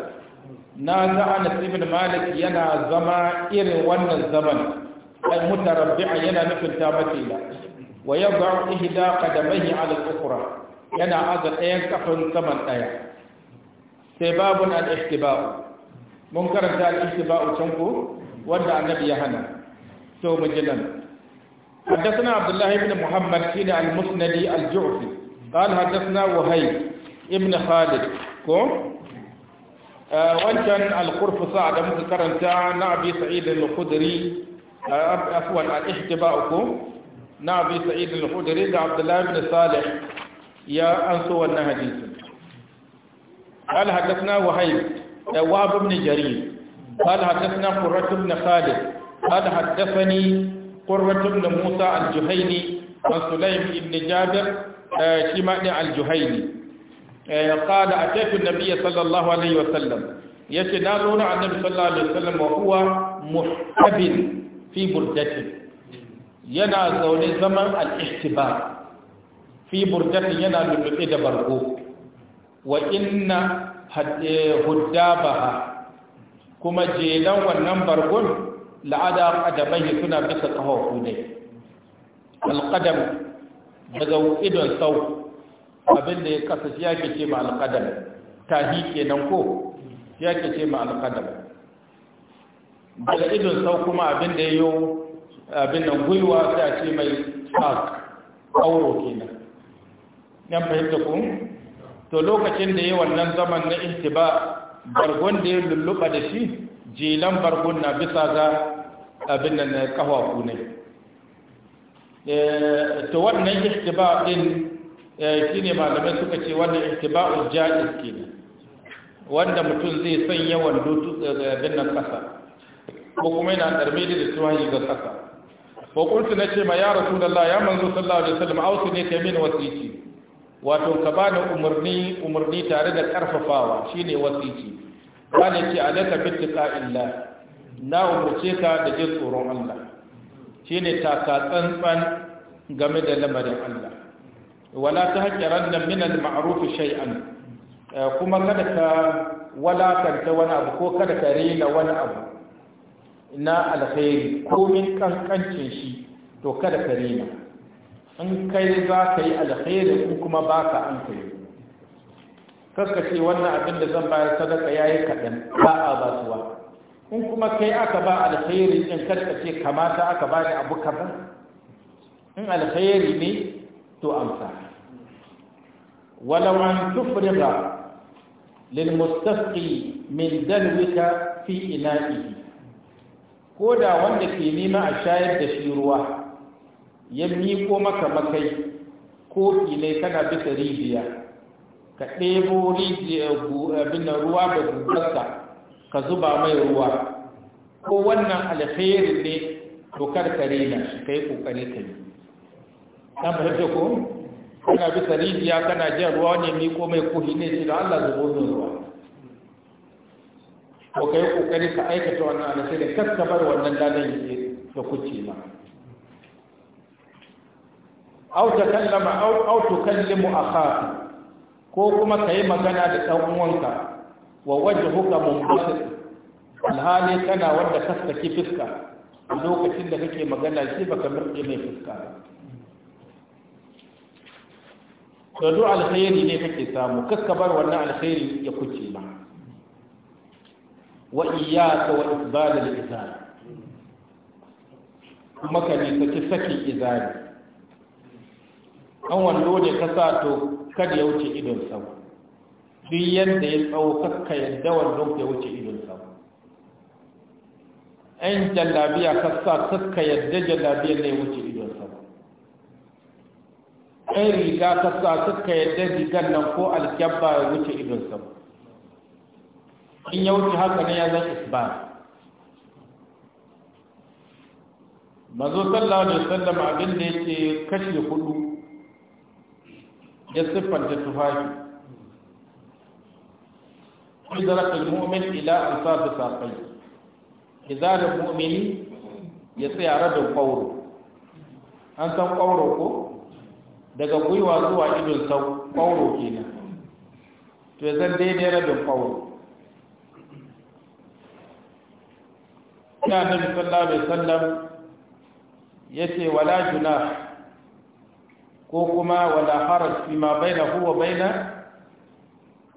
نازع أنس بن مالك ينا زما إر ون الزمن المتربع متربع ينا نفل الله wa yadda ihda qadamaihi ala al-ukhra yana aza ɗayan kafin saman ɗaya sai babun al-ihtiba'u mun karanta al-ihtiba'u can to ji nan حدثنا عبد الله بن محمد كين المسندي الجعفي قال حدثنا وهيب ابن خالد كو wancan alkurfusa da muka karanta na abi sa'id al-khudri afwan na abi sa'id al-khudri da abdullahi bin salih ya anso wannan hadisi قال حدثنا وهيب وهب بن جرير قال حدثنا قرة بن خالد قال حدثني قرة بن موسى الجهيني عن سليم بن جابر شماء الجهيني قال أتيت النبي صلى الله عليه وسلم يتنالون عن النبي صلى الله عليه وسلم وهو محتب في بردته yana zaune zaman al fi burdatin yana lulluɓe da bargo wa inna huddabaha kuma jelan wannan bargon la'ada qadamai suna bisa kafafu ne alqadam daga idon sau abin da ya kasa shi yake ce ma ta tahi kenan ko shi yake ce ma alƙadam daga idon sau kuma abin da yi. abin nan gwiwa sai a ce mai tsak auro kenan nan fahimta kun to lokacin da ya wannan zaman na ba, bargon da ya lulluɓa da shi jilan bargon na bisa ga abin nan na kawafu ne eh, to wannan ba ɗin eh, shi ne malamai suka ce wannan ja ja'iz kenan wanda mutum zai sanya wando eh, abin nan kasa ko kuma yana karbe da tuwayi ga kasa wa na ce ma ya rasu da rasulullah ya manzo sallallahu alaihi wasallam ausi ne kai min wasiti wato ka bani umarni umarni tare da karfafawa shine wasiki wasiti bani ce alaka bittiqa'illah na umurce ka da jin tsoron Allah shine ka tsantsan game da lamarin Allah wala ta tahqiranna min al-ma'ruf shay'an eh, kuma kada ka wala walakanta wani abu ko kada ka rena wani abu na alkhairi komin kankancin shi to kada ka rena in kai za ka yi alkhairi in kuma ba ka an kai karka ce wannan abin da zan bayar sadaka ya yi kaɗan ba a basuwa in kuma kai aka ba alkhairi in karka ce kamata aka ba ni abu kaɗan in alkhairi ne to amsa walau an tufriga lil mustasqi min dalwika fi ina'ihi ko da wanda ke nema a shayar da shi ruwa ya miko maka makai ko filai kana bisa rijiya ka ɗebo abin ruwa da gugarsa ka zuba mai ruwa ko wannan alheri ne to karkare na shi ka yi ƙoƙari ka yi ta fahimta ko kana bisa rijiya kana jan ruwa ne miko mai kohi ne shi da allah zuwa. ruwa Ko ka yi kokari ka aikata wannan alheri da ka bar wannan ladan yake da kuce ma au ta kallama au au tukallimu akhaka ko kuma ka yi magana da ɗan uwanka wa wajhuka mumbasit alhali kana wanda ka saki fuska lokacin da kake magana shi baka murɗe mai fuska ba da alkhairi ne kake samu kaska bar wannan alkhairi ya kuce ma wa iyyaka wa isbal al-izar kuma ka nisanci sakin izari an wando ne ka sa to kada ya wuce idon sau duk yadda ya tsawo kakka yadda wandon ya wuce idon sau An jallabiya kasa kakka yadda jallabiya ne wuce idon sau ‘yan riga kasa kakka yadda rigar nan ko alkyabba ya wuce idon sau in ya wuce haka ne ya zan isbat mazo sallallahu alaihi wasallam abin da yake kashi hudu ya siffanta tufafi idarat mu'min ila ansab saqai idan mu'mini ya tsaya rabin kwauro an san kwauro ko daga gwiwa zuwa idon sau qawro kenan to zan daidai rabin kwauro sai annabi sallallahu alaihi wasallam yace wala juna ko kuma wala haraj fi ma bainahu wa baina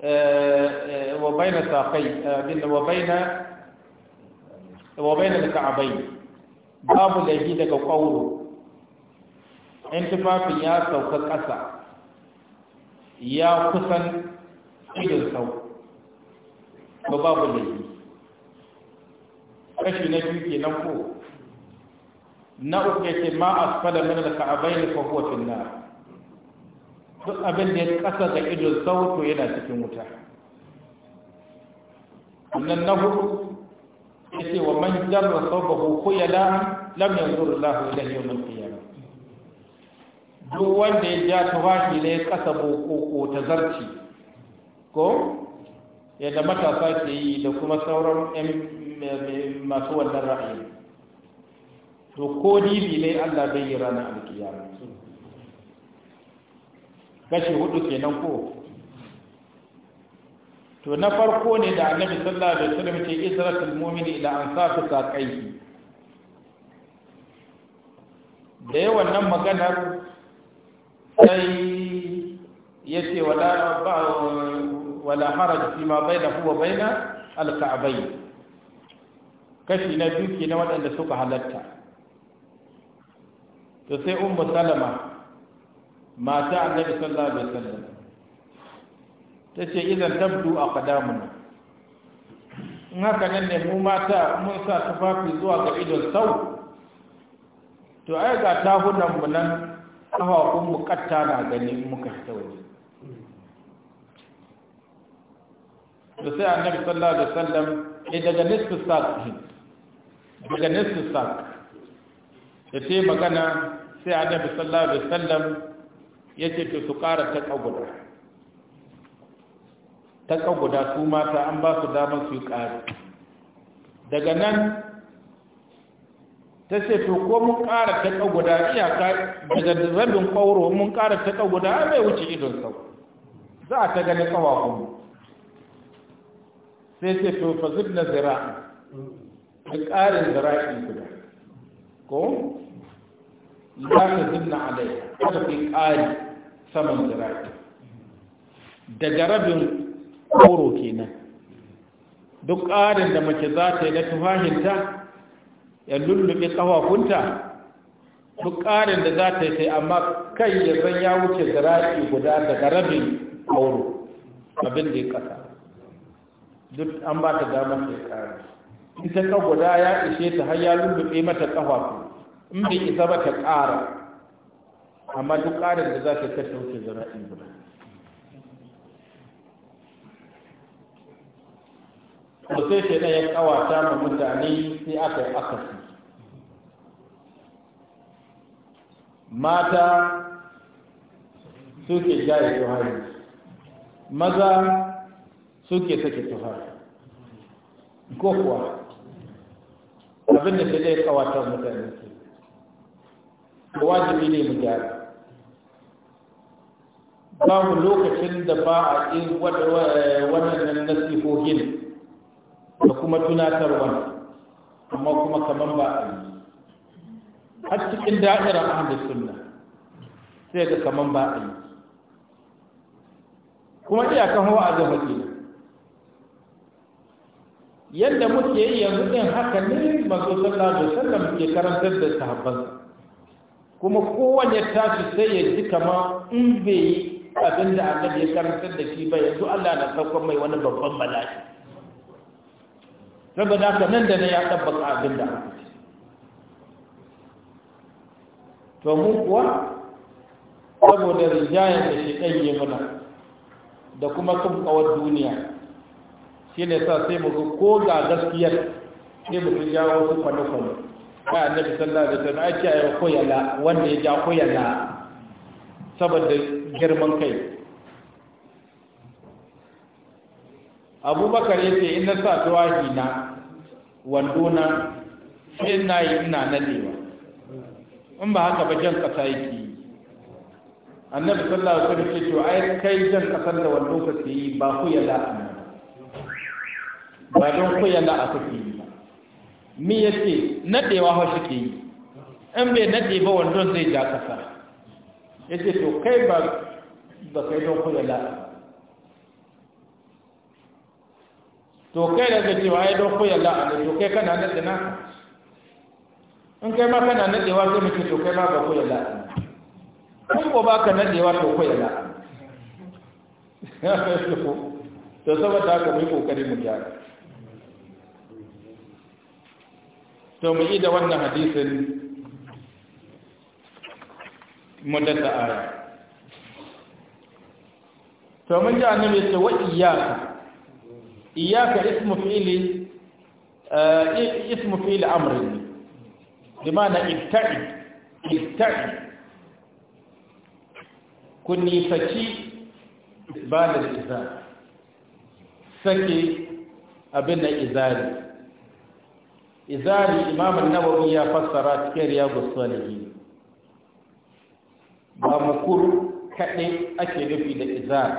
eh, eh wa baina saqai bin wa baina wa baina al-ka'bayn babu da laifi daga kwauro in tufafin ya sauka kasa ya kusan idan sau ba babu laifi kashi na biyu nan ko na uku ce ma asfala fada mana da ka'abai ne ko kuwa nar duk abin da ya kasa da idon sauto yana cikin wuta sannan na hudu ce wa man jarra ya khuyala lam zuru lahu da yau nan qiyamah duk wanda ya ja tawashi ne ya kasa boko ko zarci ko yadda matasa ke yi da kuma sauran 'yan masu wannan ra'ayi to ko dibi ne Allah bai yi ranar alkiyama kashi hudu kenan ko to na farko ne da annabi sallallahu alaihi wasallam ce isratul mu'mini ila ansafi saqaihi da yawan nan maganar sai yace wala ba wala haraj fi ma bainahu bai da al-ka'bayn kashi na biyu na waɗanda suka halatta to sai umma salama mata annabi sallallahu alaihi wasallam ta ce idan tabdu a kadamuna in haka nan ne mu mata mun sa tufafi zuwa ga idon sau to ai ga tahunan mu nan kafafun mu katta na gani muka ta to sai annabi sallallahu alaihi wasallam ya eh, daga nisfu sa'in daga nesu sak da ta magana sai annabi sallallahu alaihi wasallam ya ce to su ƙara ta guda ta guda su mata an ba su damar su yi ƙari daga nan ta ce to ko mun ƙara ta guda iyaka daga rabin ƙwauro mun ƙara ta guda an bai wuce idon sau za a ta gani ƙawa kuma sai ce to fa zubna zira'a da ƙarin zara'i guda ko za ka zinna alai kada ku ƙari saman zara'i daga rabin koro kenan duk ƙarin da mace za ta yi na tufahinta ya lullube ƙafafunta duk ƙarin da za ta yi amma kai ya zan ya wuce zara'i guda daga rabin koro abin da ya ƙasa duk an ba ta damar ya ƙari in ta guda ya ishe ta har ya lullube mata kafa in bai isa ba ta ƙara amma duk ƙarin da za ta kashe wuce in guda to sai na ya ƙawata ma mutane sai aka yi akasi mata suke jaye tuhari maza suke sake tuhari ko kuwa abin da zai kawatar mutane ke wajibi ne mu gyara ba mu lokacin da ba a yi waɗannan eh, nasihohin da kuma tunatarwa amma kuma kamar ba a yi har cikin da'irar ahlus sunna sai ga kamar ba a yi kuma iyakan zama kenan yadda muke yi yanzu ɗin haka ne masu sallah da sallah muke karantar da sahabban kuma kowane tashi sai ya ji kama in bai yi abin da annabi ya karantar da shi ba yanzu Allah na saukon mai wani babban bala'i saboda haka nan da na ya tabbaka abin da aka ce to mu kuwa saboda rijayen da shi ɗan yi mana da kuma sun kawar duniya shi ne sa sai mu ko ga gaskiyar sai mu ja wasu kwanu-kwanu kai annabi sallallahu alaihi wasallam ake ayi koyala wanda ya ja koyala saboda girman kai abubakar yace in sa tuwahi na wando na sai na yi ina nadewa in ba haka ba jan kasa yake annabi sallallahu alaihi wasallam ce to ai kai jan kasar da wando ka yi ba ku yala ba don da aka fi yi ba mi ya ce naɗewa hau shi ke yi in bai naɗe ba wanzan zai ja kasa ya ce to kai ba ba kai don kuyalla to kai da ga cewa ya don kuyalla a to kai kana naɗe na in kai ma kana naɗewa zai mace to kai ma ba kuyalla kun ko ba ka naɗewa to kuyalla [laughs] to saboda haka mai kokari mu gyara to mu yi da wannan hadisin mudassa aya to mun ji annabi ce wa iyyaka iyyaka ismu fi'li ismu fi'li amrin bi ma'ana ibta'id ibta'id kunni nifaci ba da iza sake abin da izari izari imam nawawi ya fassara cikin riyadus salihin ba mukur kaɗai ake nufi da izal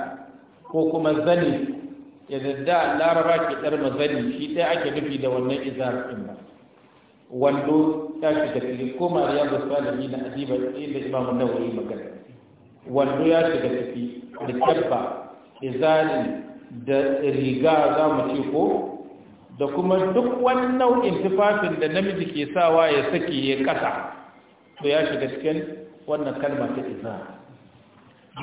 ko kuma zani ya da laraba ke dar mazali shi dai ake nufi da wannan izal din ba wando ta shiga fili ko mariya da salami na adiba inda imam nawawi magana wando ya shiga tafi da kyabba izari da riga za mu ce ko da kuma duk wani nau'in tufafin da namiji ke sawa ya saki ya kasa to ya shiga cikin wannan kalma ta iza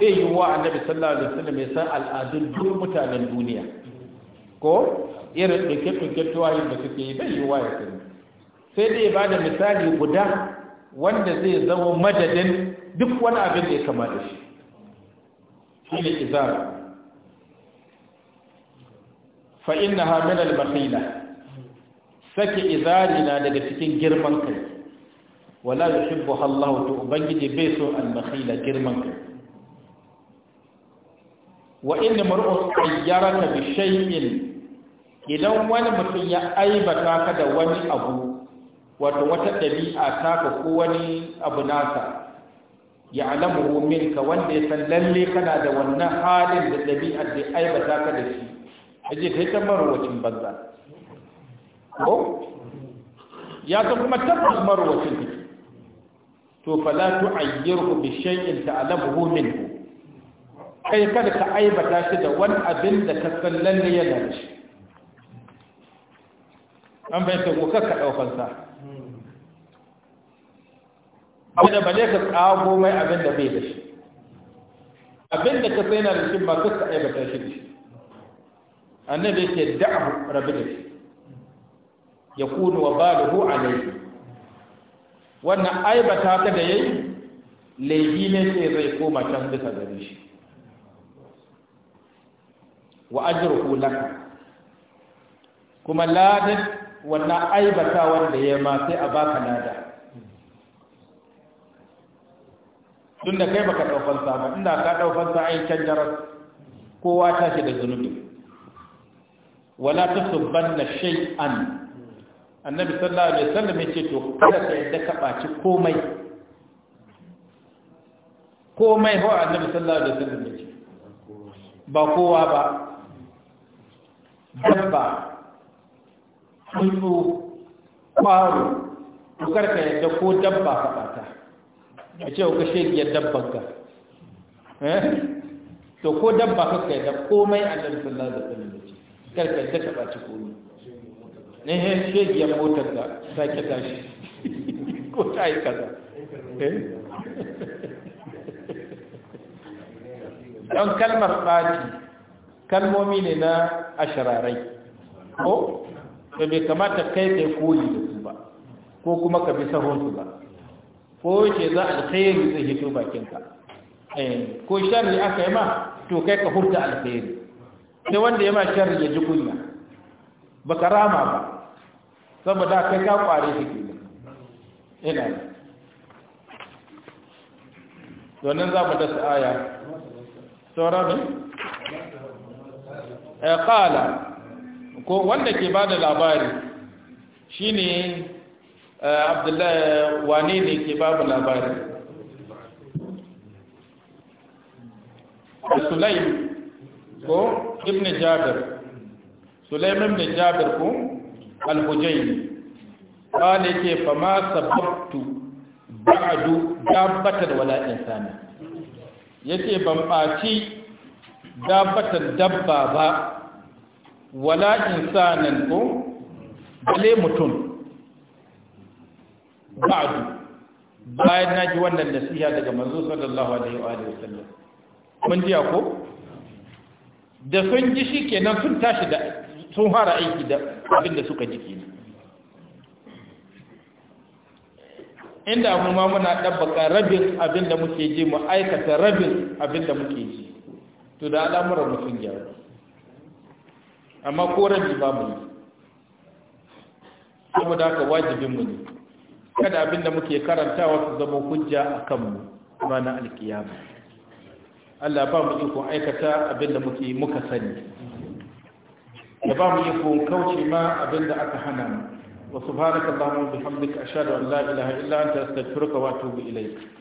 zai yi wa annabi sallallahu alaihi wasallam ya san al'adun duk mutanen duniya ko irin ɗauke-ɗauke tuwayin da suke yi bai yi wa ya sani sai dai ba da misali guda wanda zai zama madadin duk wani abin da ya kama da shi shi ne izar fa innaha min al-bakhila saki izari na daga cikin girman kai wala yuhibbuha Allah to ubangiji bai so al-bakhila girman kai wa inna mar'un ayyaraka bi shay'in idan wani mutum ya aibata ka da wani abu wato wata ɗabi'a ka ko wani abu nasa ya alamu minka wanda ya san lalle kana da wannan halin da ɗabi'ar da aibata ka da shi ta kai ta marwacin banza ko ya ta kuma tabbas marwacin take to fala tu'ayyirhu bi shay'in ta'lamuhu minhu kai kada ka aibata shi da wani abin da ka san lalle ya dace. shi an bayyana ko ka daukan sa abin da bale ka tsago mai abin da bai da shi abin da ka sai na da shi ba ka aibata shi da shi annabi yake da'ahu rabu da shi ya kunu wa baluhu alaihi wannan aibata ta da yayi laifi ne sai zai koma can bisa gare shi wa ajruhu laka kuma ladan wannan aibata wanda ya ma sai a baka lada tunda kai baka ɗaukan sa ba inda ka ɗaukan sa ai can jarar kowa ta shi da zunubi wala shai shay'an annabi sallallahu alaihi wasallam yace to kada ka yadda ka baci komai komai ho annabi sallallahu alaihi wasallam yace ba kowa ba dabba kullu ƙwaro to karka yadda ko dabba ka bata a ce ka ya dabban ka to ko dabba ka yadda komai annabi sallallahu alaihi wasallam yace karkar da taɓa ci komi ne he shegiyar motar da sake tashi [laughs] ko ta yi kaza eh? don kalmar ɓaci kalmomi ne na ashirarai ko Ka bai kamata kai kai koyi da su ba ko kuma ka bi sahonsu ba ko ce za a alkhairi zai hito bakinka eh, ko shari aka yi ma to kai ka hurta alkhairi sai wanda ya ma sharri ya ji kunya ba ka rama ba saboda kai ka kware shi ke ina ne domin za mu dasa aya saura ne ya eh, kala ko wanda ke ba da labari shi ne eh, abdullahi wane ne ke ba mu labari da eh, sulaim ko ibn jabir sulaiman ibn jabir ko al-hujayni qala ke fa ma sababtu ba'du dabbatan wala insana yace ban baci dabbatan dabba ba wala insanan ko bale mutum ba'du bayan naji wannan nasiha daga manzo sallallahu alaihi wa alihi wasallam mun ji ko da sun ji shi kenan sun tashi da sun fara aiki da abin da suka ji ne inda mu ma muna ɗabbaka rabin abin da muke ji mu aikata rabin abin da muke ji to da al'amuran mutum gyaru amma ko rabi ba mu yi saboda haka mu ne kada abin da muke karantawa su zama hujja a kanmu na alkiyama Allah ba mu ikon aikata abinda muke muka sani da ba mu ikon kauce ma abinda aka hana mu wa subhanaka allahumma bihamdika ashhadu an la ilaha illa anta astaghfiruka wa atubu ilayk